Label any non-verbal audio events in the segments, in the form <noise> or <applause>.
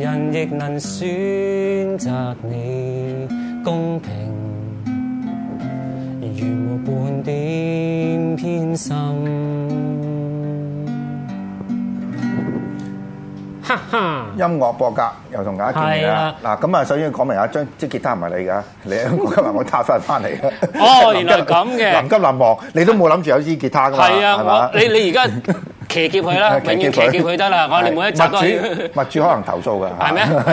人亦能選擇你，公平，如沒半點偏心。哈哈！音樂博格又同大家見面啦。嗱是、啊，咁啊，首先講明下，張即吉他唔係你噶，你臨急埋我塌翻嚟翻嚟哦， <laughs> 原來係咁嘅，臨急臨忙，你都冇諗住有支吉他噶嘛？係啊，吧我你你而家。騎劫佢啦，緊要騎劫佢得啦。我哋每一集都主，物主可能投訴噶，係咪嗎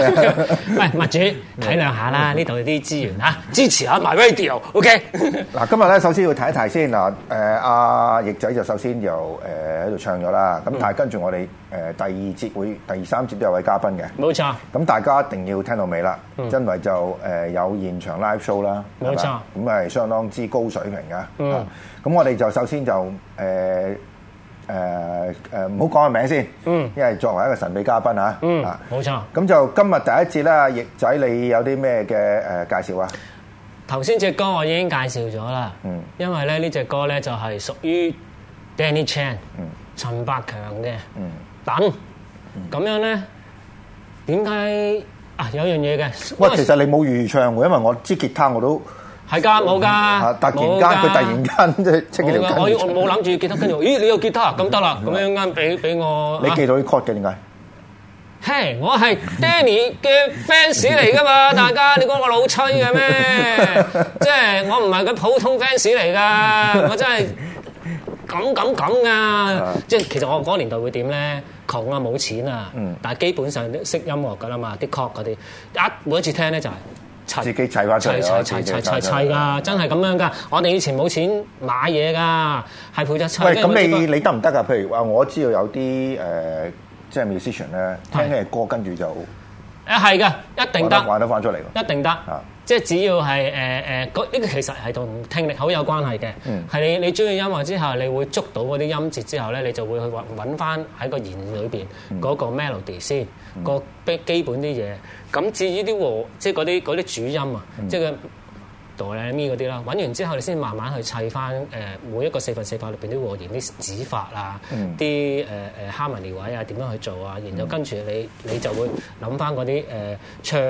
<laughs> 喂，物主體諒下啦，呢度啲資源嚇，支持下 My Radio，OK？、Okay? 嗱， <laughs> 今日咧首先要睇一睇先嗱，誒阿翼仔就首先又誒喺度唱咗啦，咁但係跟住我哋第二節會、第三節都有位嘉賓嘅，冇錯。咁大家一定要聽到尾啦，因為就誒有現場 live show 啦，冇錯。咁係相當之高水平㗎。咁、嗯嗯、我哋就首先就誒。呃誒誒，唔好講個名先，嗯，因為作為一個神秘嘉賓嚇，嗯，啊，冇錯，咁就今日第一節啦，翼仔你有啲咩嘅誒介紹啊？頭先隻歌我已經介紹咗啦，嗯，因為咧呢隻歌咧就係屬於 Danny Chan，嗯，陳百強嘅，等、嗯，咁樣咧，點解、嗯、啊？有一樣嘢嘅，喂，其實你冇預唱喎，因為我知吉他我都。係㗎，冇㗎，冇㗎。突然間佢突然間即係出幾條筋。我我冇諗住吉他跟住，咦？你又吉他？咁得啦，咁樣啱俾俾我。你記到啲曲嘅點解？嘿，我係 Danny 嘅 fans 嚟㗎嘛，大家你講我老吹嘅咩？即係我唔係個普通 fans 嚟㗎，我真係咁咁咁㗎。即係其實我嗰個年代會點咧？窮啊，冇錢啊，但係基本上識音樂㗎啦嘛，啲曲嗰啲。一每一次聽咧就係。自己砌翻出嚟，砌，砌砌砌砌砌砌㗎，對真係咁樣㗎。我哋以前冇錢買嘢㗎，係負責砌。喂，咁你你得唔得㗎？譬如話，我知道有啲誒，即係 musician 咧，聽啲歌，跟住就誒係嘅，一定得，玩得翻出嚟㗎，一定得。即係只要係誒誒，呢、呃、個、呃、其實係同聽力好有關係嘅，係、mm. 你你中意音樂之後，你會捉到嗰啲音節之後咧，你就會去揾揾翻喺個弦裏邊嗰個 melody 先，個 b 基本啲嘢。咁至於啲和，即係嗰啲啲主音啊，mm. 即係佢。度咧咪嗰啲啦，揾完之後你先慢慢去砌翻誒，每一個四分四拍入邊啲和弦，啲指法啊，啲誒誒哈文尼位啊，點樣去做啊？然後跟住你你就會諗翻嗰啲誒唱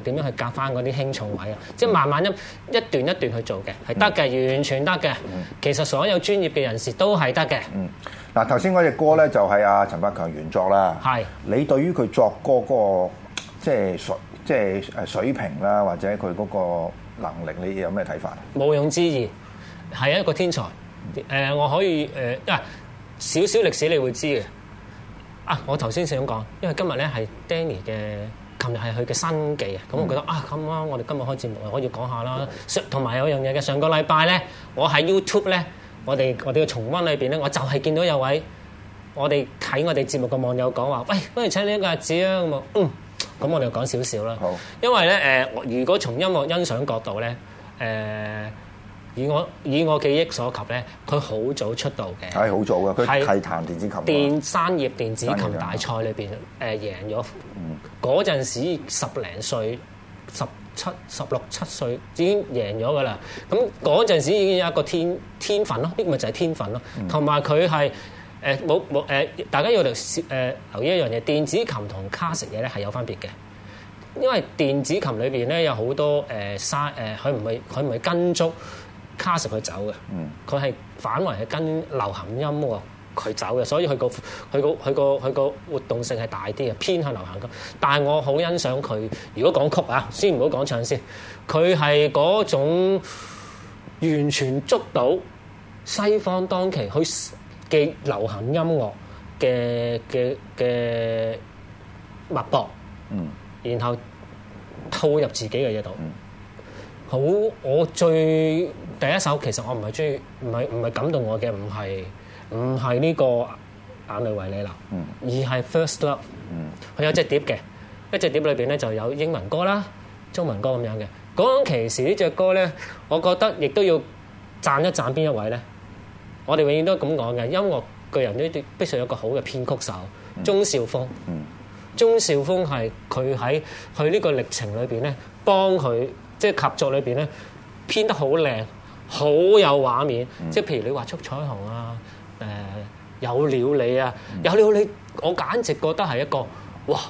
點樣去隔翻嗰啲輕重位啊，即係慢慢一、嗯、一段一段去做嘅，係得嘅，嗯、完全得嘅。嗯、其實所有專業嘅人士都係得嘅。嗯，嗱頭先嗰隻歌咧就係、是、阿、啊、陳百強原作啦。係是 你對於佢作歌嗰、那個即係水即係誒水平啦，或者佢嗰、那個？能力你有咩睇法？毋庸置疑，係一個天才。呃、我可以誒，因少少歷史你會知嘅。啊，我頭先想講，因為今日咧係 Danny 嘅，琴日係佢嘅新記啊，咁、嗯、我覺得啊，咁、嗯、啱我哋今日開節目可以講下啦。同埋有樣嘢嘅，上個禮拜咧，我喺 YouTube 咧，我哋我哋嘅重溫裏邊咧，我就係見到有位我哋睇我哋節目嘅網友講話，喂，不如請你一個日子啊咁嗯。咁我哋講少少啦，因為咧誒、呃，如果從音樂欣賞角度咧，誒、呃、以我以我記憶所及咧，佢好早出道嘅，係好、哎、早嘅，佢係電彈電子琴電，電山葉電子琴大賽裏邊誒贏咗，嗰陣、嗯、時候十零歲，十七十六七歲已經贏咗嘅啦，咁嗰陣時候已經有一個天天分咯，呢咪就係天分咯，同埋佢係。誒冇冇誒，大家要留誒、呃、留意一樣嘢，電子琴同卡 l 嘢咧係有分別嘅。因為電子琴裏邊咧有好多誒、呃、沙誒，佢唔係佢唔係跟足卡 l 去走嘅，佢係反圍係跟流行音樂佢走嘅，所以佢個佢個佢個佢個活動性係大啲嘅，偏向流行歌。但係我好欣賞佢，如果講曲啊，先唔好講唱先，佢係嗰種完全捉到西方當期去嘅流行音樂嘅嘅嘅脈搏，嗯，mm. 然後套入自己嘅嘢度，mm. 好。我最第一首其實我唔係中意，唔係唔係感動我嘅，唔係唔係呢個眼淚為你流，mm. 而係 First Love，佢、mm. 有隻碟嘅，一隻碟裏邊咧就有英文歌啦、中文歌咁樣嘅。講其實呢隻歌咧，我覺得亦都要讚一讚邊一位咧。我哋永遠都係咁講嘅，音樂巨人都必須有一個好嘅編曲手，鐘少峯。鐘少、嗯嗯、峰係佢喺佢呢個歷程裏邊咧，幫佢即係合作裏邊咧編得好靚，好有畫面。嗯、即係譬如你話畫出彩虹啊，誒、呃、有了你啊，有了你、啊，嗯、我簡直覺得係一個哇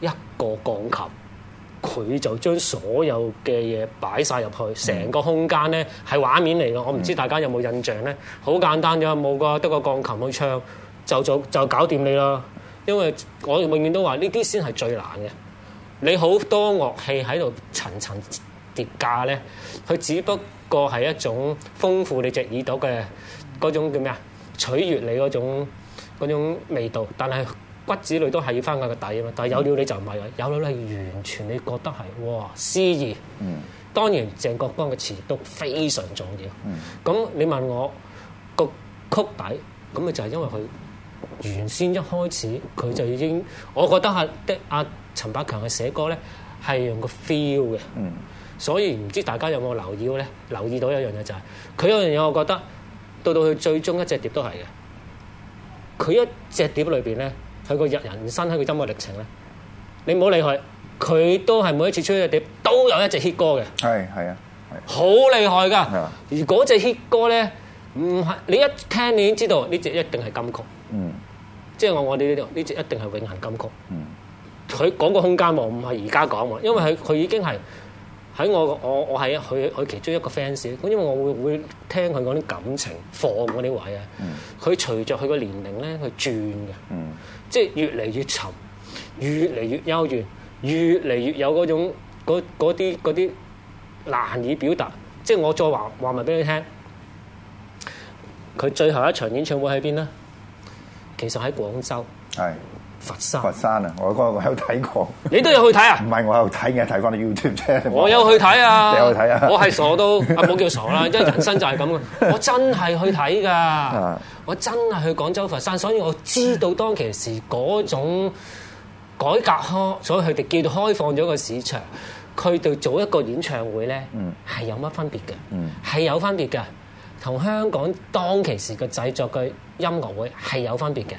一個鋼琴。佢就將所有嘅嘢擺晒入去，成個空間咧係畫面嚟嘅。我唔知大家有冇印象咧？好、嗯、簡單啫，冇個得個鋼琴去唱就就就搞掂你啦。因為我永遠都話呢啲先係最難嘅。你好多樂器喺度層層疊加咧，佢只不過係一種豐富你隻耳朵嘅嗰種叫咩啊？取悦你嗰種嗰種味道，但係。骨子裏都係要翻個底啊嘛，但係有料你就唔係啦，有料你完全你覺得係哇詩意。2, 嗯，當然鄭國江嘅詞都非常重要。嗯，咁你問我、個曲底，咁咪就係因為佢原先一開始佢就已經，我覺得嚇、啊啊、的阿陳百強嘅寫歌咧係用個 feel 嘅。嗯、所以唔知大家有冇留意咧？留意到一樣嘢就係、是、佢有一樣嘢，我覺得到到佢最終一隻碟都係嘅。佢一隻碟裏邊咧。佢個日人生喺佢音樂歷程咧，你唔好理佢，佢都係每一次出去嘅碟都有一隻 hit 歌嘅。係係啊，好厲害噶。如果隻 hit 歌咧，唔係你一聽你已經知道呢隻一定係金曲，嗯，即係我我哋呢啲呢隻一定係永恆金曲，嗯，佢講個空間喎，唔係而家講嘛，因為佢佢已經係。喺我我我係佢佢其中一個 fans，因為我會會聽佢講啲感情，放嗰啲位啊。佢、嗯、隨着佢個年齡咧，去轉嘅，嗯、即係越嚟越沉，越嚟越幽怨，越嚟越有嗰種嗰啲啲難以表達。即係我再話話埋俾你聽，佢最後一場演唱會喺邊咧？其實喺廣州。係。佛山，佛山啊！我嗰、啊、我有睇過，你都有去睇啊？唔係我有睇嘅，睇翻你 YouTube 啫。我有去睇啊！你有去睇啊？我係傻都，阿冇 <laughs> 叫傻啦，因為人生就係咁嘅。我真係去睇噶， <laughs> 我真係去廣州佛山，所以我知道當其時嗰種改革開，所以佢哋叫做開放咗個市場，佢哋做一個演唱會咧，係有乜分別嘅？係有分別嘅。同香港當其時嘅製作嘅音樂會係有分別嘅。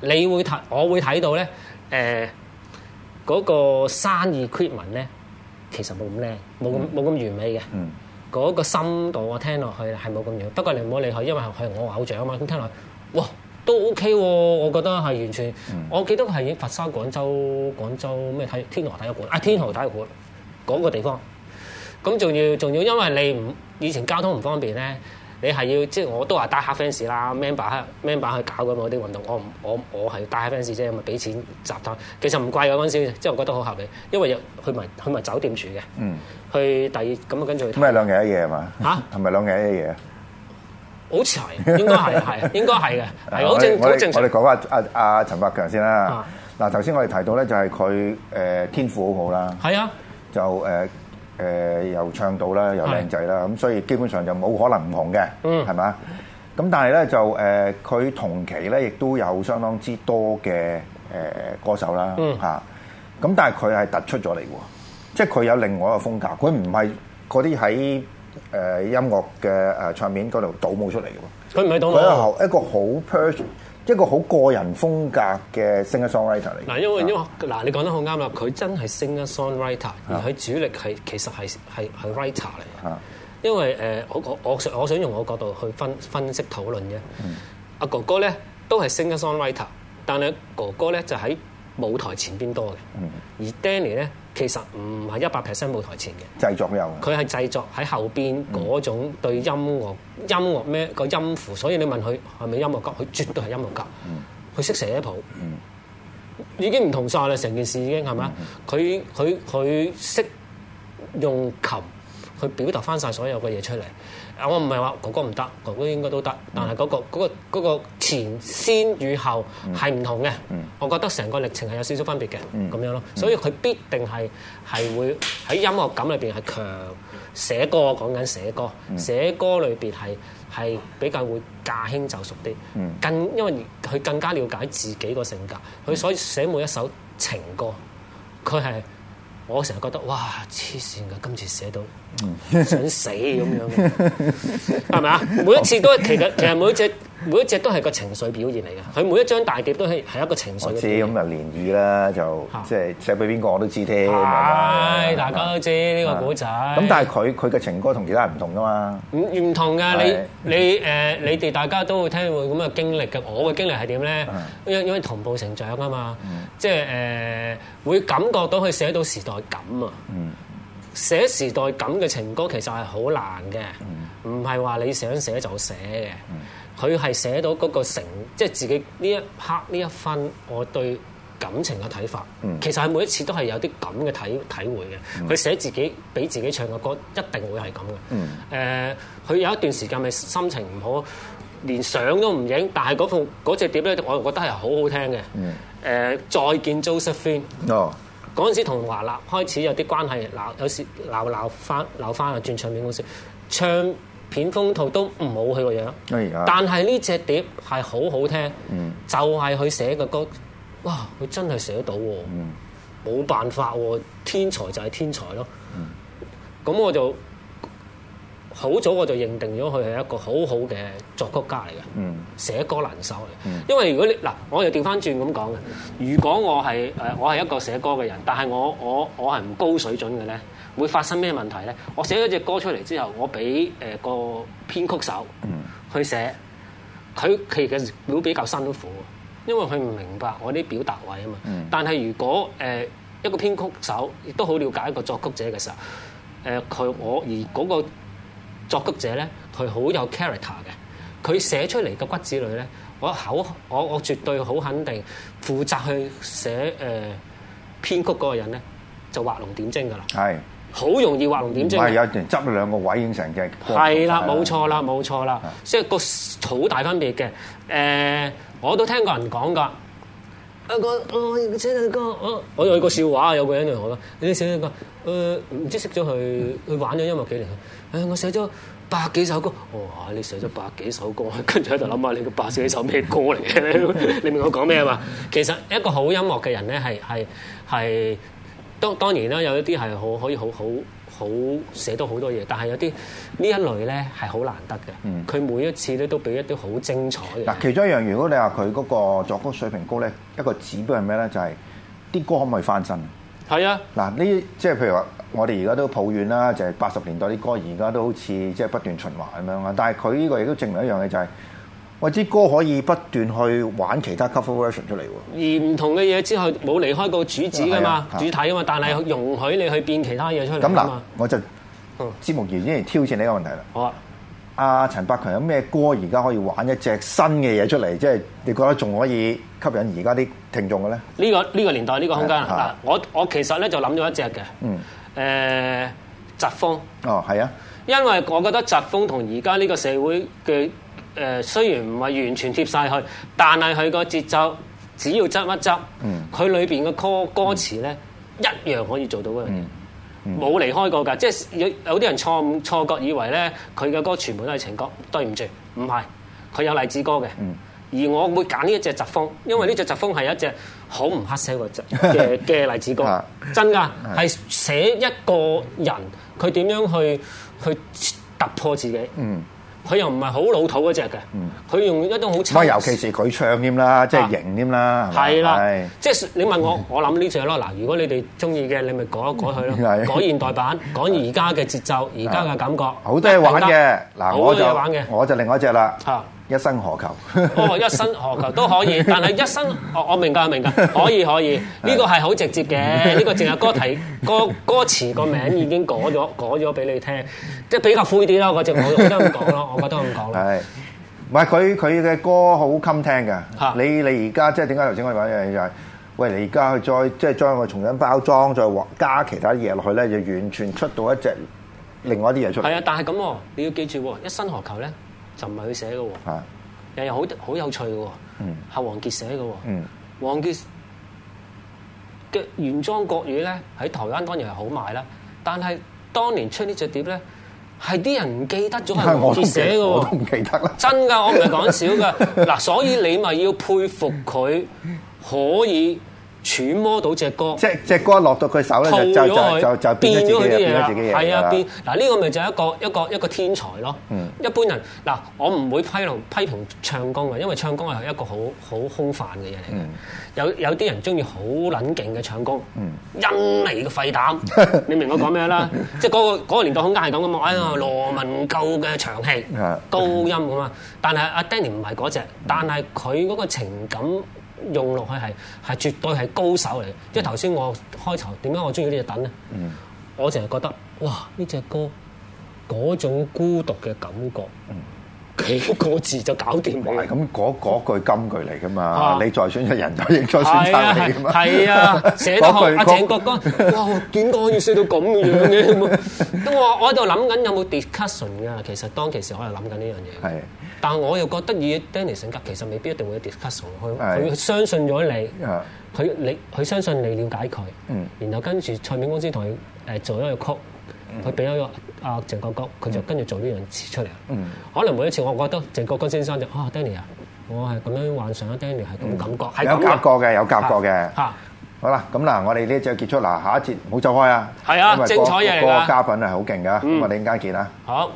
你會睇，我會睇到咧。誒、呃，嗰、那個生意 quip 文咧，其實冇咁靚，冇咁冇咁完美嘅。嗰個深度我聽落去係冇咁樣。不過你唔好理佢，因為係我偶像啊嘛。咁聽落去，哇，都 OK 喎、啊。我覺得係完全。我記得係佛山、廣州廣州，咩天天河體育館啊，天河體育館嗰、那個地方。咁仲要仲要，因為你唔以前交通唔方便咧。你係要即係我都話帶黑 fans 啦，man man r 去搞咁嗰啲運動，我唔我我係要帶黑 fans 啫咁咪俾錢集團其實唔貴嘅嗰陣時即係我覺得好合理，因為去埋去埋酒店住嘅，去第二咁跟住。咁係兩日一夜係嘛？吓、啊？係咪兩日一夜啊？好似係，應該係應該係嘅，好正好正常我哋講下阿阿、啊啊啊、陳百強先啦。嗱頭先我哋提到咧就係佢、呃、天賦好好啦，係啊，就、呃誒、呃、又唱到啦，又靚仔啦，咁是的 所以基本上就冇可能唔紅嘅，係嘛、嗯？咁但係咧就誒，佢、呃、同期咧亦都有相當之多嘅、呃、歌手啦，嚇、嗯。咁但係佢係突出咗嚟喎，即係佢有另外一個風格，佢唔係嗰啲喺音樂嘅唱片嗰度倒模出嚟嘅喎，佢唔係倒模，一個好 per 一個好個人風格嘅 singer songwriter 嚟。嗱，因為因為嗱，你講得好啱啦，佢真係 singer songwriter，而佢主力係其實係 writer 嚟。因為我我我想我想用我角度去分分析討論嘅。阿、嗯、哥哥咧都係 singer songwriter，但係哥哥咧就喺舞台前邊多嘅。而 Danny 咧。其實唔係一百 percent 舞台前嘅製作有，佢係製作喺後邊嗰種對音樂、嗯、音樂咩個音符，所以你問佢係咪音樂家，佢絕對係音樂家。佢識寫譜，嗯、已經唔同晒啦！成件事已經係咪啊？佢佢佢識用琴。佢表達翻晒所有嘅嘢出嚟，我唔係話哥哥唔得，哥、嗰、哥、個嗰個、應該都得，但係嗰、嗰個嗰、嗰個嗰個前先與後係唔同嘅，嗯嗯、我覺得成個歷程係有少少分別嘅，咁、嗯、樣咯。所以佢必定係係會喺音樂感裏面係強寫歌，講緊寫歌，寫歌裏面係比較會駕輕就熟啲，更因為佢更加了解自己個性格，佢所以寫每一首情歌，佢係。我成日覺得哇黐線㗎，今次寫到想死咁樣嘅，係咪啊？每一次都係，其實其實每一隻。每一隻都係個情緒表現嚟嘅，佢每一張大碟都係係一個情緒表現。知咁就漣漪啦，就即係寫俾邊個我都知添。係大家都知呢個古仔。咁但係佢佢嘅情歌同其他人唔同㗎嘛？唔唔同㗎，你你誒你哋大家都會聽會咁嘅經歷嘅，我嘅經歷係點咧？因因為同步成長啊嘛，即係誒會感覺到佢寫到時代感啊。寫時代感嘅情歌其實係好難嘅，唔係話你想寫就寫嘅。佢係、嗯、寫到嗰個成，即、就、係、是、自己呢一刻呢一分，我對感情嘅睇法，嗯、其實係每一次都係有啲咁嘅體體會嘅。佢、嗯、寫自己俾自己唱嘅歌，一定會係咁嘅。誒、嗯呃，佢有一段時間咪心情唔好，連相都唔影，但係嗰副嗰隻碟咧，我就覺得係好好聽嘅。誒、嗯呃，再見 Josephine。Oh 嗰陣時同華納開始有啲關係，有時鬧返，翻鬧翻啊，轉唱片公司，唱片風頭都唔好佢個樣。在但係呢隻碟係好好聽，嗯、就係佢寫嘅歌，哇！佢真係寫得到喎，冇、嗯、辦法喎，天才就係天才咯。咁、嗯、我就。好早我就認定咗佢係一個好好嘅作曲家嚟嘅，嗯、寫歌能手。嚟、嗯。因為如果你嗱，我又調翻轉咁講嘅，如果我係誒我係一個寫歌嘅人，但係我我我係唔高水準嘅咧，會發生咩問題咧？我寫咗隻歌出嚟之後，我俾誒、呃、個編曲手去寫，佢其實會比較辛苦，因為佢唔明白我啲表達位啊嘛。但係如果誒、呃、一個編曲手亦都好了解一個作曲者嘅時候，誒、呃、佢我而嗰、那個。作曲者咧，佢好有 character 嘅，佢寫出嚟嘅骨子裏咧，我口我我絕對好肯定，負責去寫誒、呃、編曲嗰個人咧，就畫龍點睛㗎啦，係好是容易畫龍點睛，係有陣執兩個位影成隻，係啦，冇錯啦，冇錯啦，即係個好大分別嘅，誒、呃、我都聽過人講㗎。我寫歌，我我有一個笑話，有個人同我啦，你寫歌，誒、呃、唔知識咗佢去玩咗音樂幾年。我寫咗百幾首歌，哇你寫咗百幾首歌，跟住喺度諗下，你個百幾首咩歌嚟嘅？你明我講咩嘛？ <laughs> 其實一個好音樂嘅人咧，係係係，當當然啦，有一啲係好可以好好。好，寫到好多嘢，但係有啲呢一類咧係好難得嘅。佢、嗯、每一次咧都俾一啲好精彩嘅。嗱，其中一樣，如果你話佢嗰個作曲水平高咧，一個指標係咩咧？就係、是、啲歌可唔可以翻身？係啊，嗱，呢即係譬如話，我哋而家都抱怨啦，就係八十年代啲歌而家都好似即係不斷循環咁樣啊。但係佢呢個亦都證明一樣嘢就係、是。或啲歌可以不斷去玩其他 cover version 出嚟喎。而唔同嘅嘢之後冇離開過主旨㗎嘛，的主題㗎嘛，是的但係容許你去變其他嘢出嚟㗎嘛咁嗱，嗯嗯、我就節目員依然挑戰你呢一個問題啦。好啊。阿陳百強有咩歌而家可以玩一隻新嘅嘢出嚟？即、就、係、是、你覺得仲可以吸引而家啲聽眾嘅咧？呢、這個呢、這個年代呢、這個空間嗱，的的我我其實咧就諗咗一隻嘅。嗯。誒、呃，疾風。哦，係啊。因為我覺得疾風同而家呢個社會嘅。誒、呃、雖然唔係完全貼晒去，但係佢個節奏只要執一執，佢裏邊嘅歌、嗯、歌詞咧一樣可以做到嘢冇、嗯嗯、離開過㗎。即係有有啲人錯誤錯覺以為咧，佢嘅歌全部都係情歌，對唔住，唔係，佢有勵志歌嘅。嗯、而我會揀呢隻疾風，因為呢隻疾風係一隻好唔黑色嘅嘅嘅勵志歌，真㗎，係寫一個人佢點樣去去突破自己。嗯佢又唔係好老土嗰隻嘅，佢用一種好。不過尤其是佢唱添啦，即係型添啦，係嘛？係啦，即係你問我，我諗呢隻咯。嗱， <laughs> 如果你哋中意嘅，你咪改一改佢咯，改的現代版，講而家嘅節奏，而家嘅感覺，好多嘢玩嘅。嗱加，好多嘢玩嘅。我就另外一隻啦。啊一生何求？哦，一生何求都可以，但係一生我我明噶，我明白，可以可以。呢、這個係好直接嘅，呢、這個淨係歌題歌歌詞個名已經講咗講咗俾你聽，即係比較灰啲啦。嗰隻我我都咁講咯，我覺得咁講咯。唔係佢佢嘅歌好襟聽㗎。嚇的，你你而家即係點解頭先我講一樣嘢就係，喂，你而家去再即係將佢重新包裝，再加其他嘢落去咧，就完全出到一隻另外一啲嘢出嚟。係啊，但係咁，你要記住，一生何求咧？就唔係佢寫嘅喎，又又好好有趣嘅喎，係、嗯、王傑寫嘅喎，嗯、王傑嘅原裝國語咧喺台灣當然係好賣啦，但係當年出呢隻碟咧，係啲人唔記得咗係王傑寫嘅喎，唔記得啦，真㗎，我唔係講少㗎，嗱， <laughs> 所以你咪要佩服佢可以。揣摩到隻歌，隻隻歌落到佢手咧，就就就就變咗自己嘢，係啊，變嗱呢個咪就一個一個一個天才咯。嗯、一般人嗱、呃，我唔會批露批評唱功嘅，因為唱功係一個好好空泛嘅嘢嚟嘅。有有啲人中意好冷靜嘅唱功，恩嚟嘅廢膽， <laughs> 你明我講咩啦？ <laughs> 即係、嗰、嗰、個嗰個年代空間係咁嘅嘛。哎呀，羅文夠嘅長氣，高音嘅嘛。但係阿、啊、Danny 唔係嗰隻，但係佢嗰個情感。用落去係係絕對係高手嚟嘅，即係頭先我開頭點解我中意呢隻等咧？嗯、我成日覺得哇，呢隻歌嗰種孤獨嘅感覺。嗯幾個字就搞掂㗎，咁嗰嗰句金句嚟噶嘛？啊、你再選出人，再再選翻你嘛？係啊，啊，啊，寫得阿 <laughs> 句、啊、鄭哥哥， <laughs> 哇！點解可以寫到咁嘅樣嘅？咁 <laughs> 我我喺度諗緊有冇 discussion 㗎？其實當其時我係諗緊呢樣嘢。係的，但係我又覺得以 Danny 性格，其實未必一定會有 discussion。佢佢的相信咗你，佢的你佢相信了你瞭解佢，嗯、然後跟住唱片公司同誒、呃、做呢一曲。佢俾咗個阿鄭國江，佢就跟住做呢樣詞出嚟。嗯，可能每一次我覺得鄭國江先生就啊 Danny 啊，哦、Danny，我係咁樣幻想啊 Danny 係咁感覺。嗯、的有夾過嘅，有夾過嘅。嚇、啊，好啦，咁嗱，我哋呢一節結束啦，下一節唔好走開是啊。係啊、那個，精彩嘢嚟啦！嘉賓係好勁㗎，嗯、我哋陣間見啦。好。